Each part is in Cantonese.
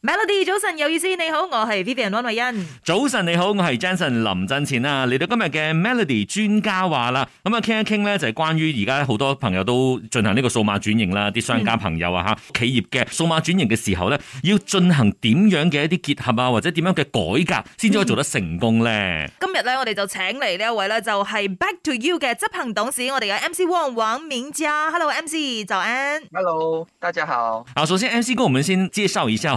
Melody 早晨有意思，你好，我係 Vivian 安慧欣。早晨你好，我係 Jenson 林振前啊！嚟到今日嘅 Melody 專家話啦，咁啊傾一傾咧就係、是、關於而家好多朋友都進行呢個數碼轉型啦，啲商家朋友啊吓、嗯，企業嘅數碼轉型嘅時候咧，要進行點樣嘅一啲結合啊，或者點樣嘅改革先至可以做得成功咧、嗯？今日咧我哋就請嚟呢一位咧就係 Bag2u 嘅執行董事，我哋嘅 M C 王王明佳。Hello M C，n 安。Hello，大家好。首先 M C 哥，我們先介紹一下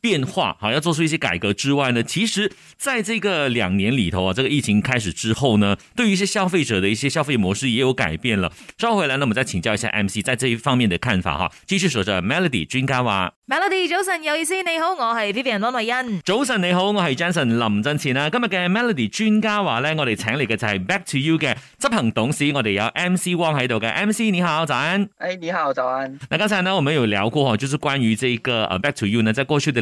變化、啊、要做出一些改革之外呢，其實在這個兩年裏頭啊，這個疫情開始之後呢，對於一些消費者的一些消費模式也有改變了。稍後回來呢，我們再請教一下 MC 在這一方面的看法哈、啊。繼續守着 Melody 專家話，Melody 早晨有意思，你好，我係 Vivian 羅美欣。早晨你好，我係 Jason 林振賢啊。今日嘅 Melody 專家話呢，我哋請嚟嘅就係 Back to You 嘅執行董事，我哋有 MC 汪喺度嘅。MC 你好，早安。哎，你好，早安。那剛才呢，我們有聊過，就是關於這個呃、啊、Back to You 呢，在過去的。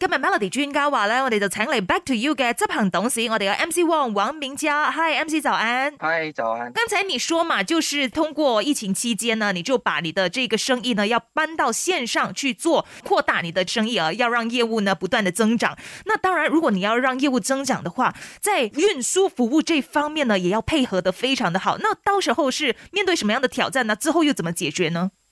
今日 Melody 專家話咧，我哋就請嚟 Bag2u 嘅執行董事，我哋有 MC 王王明嘉，Hi，MC 早安，Hi，早安。剛才你說嘛，就是通過疫情期間呢，你就把你的這個生意呢，要搬到線上去做，擴大你的生意啊，要讓業務呢不斷的增長。那當然，如果你要讓業務增長的話，在運輸服務這方面呢，也要配合的非常的好。那到時候是面對什麼樣的挑戰呢？之後又怎麼解決呢？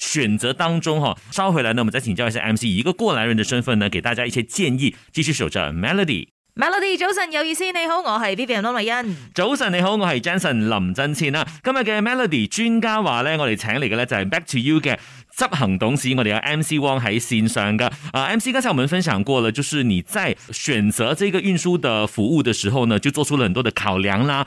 選擇當中哈，稍回來呢，我們再請教一下 MC，以一個過來人的身份呢，給大家一些建議。繼續守着 Melody，Melody，Melody，早晨有意思，你好，我係 Vivian 羅美恩。早晨你好，我係 Jason 林真倩啦。今日嘅 Melody 專家話咧，我哋請嚟嘅咧就係 Bag2u 嘅執行董事，我哋有 MC 汪喺線上㗎啊、 uh,，MC 剛才我們分享過了，就是你在選擇這個運輸的服務的時候呢，就做出了很多的考量啦。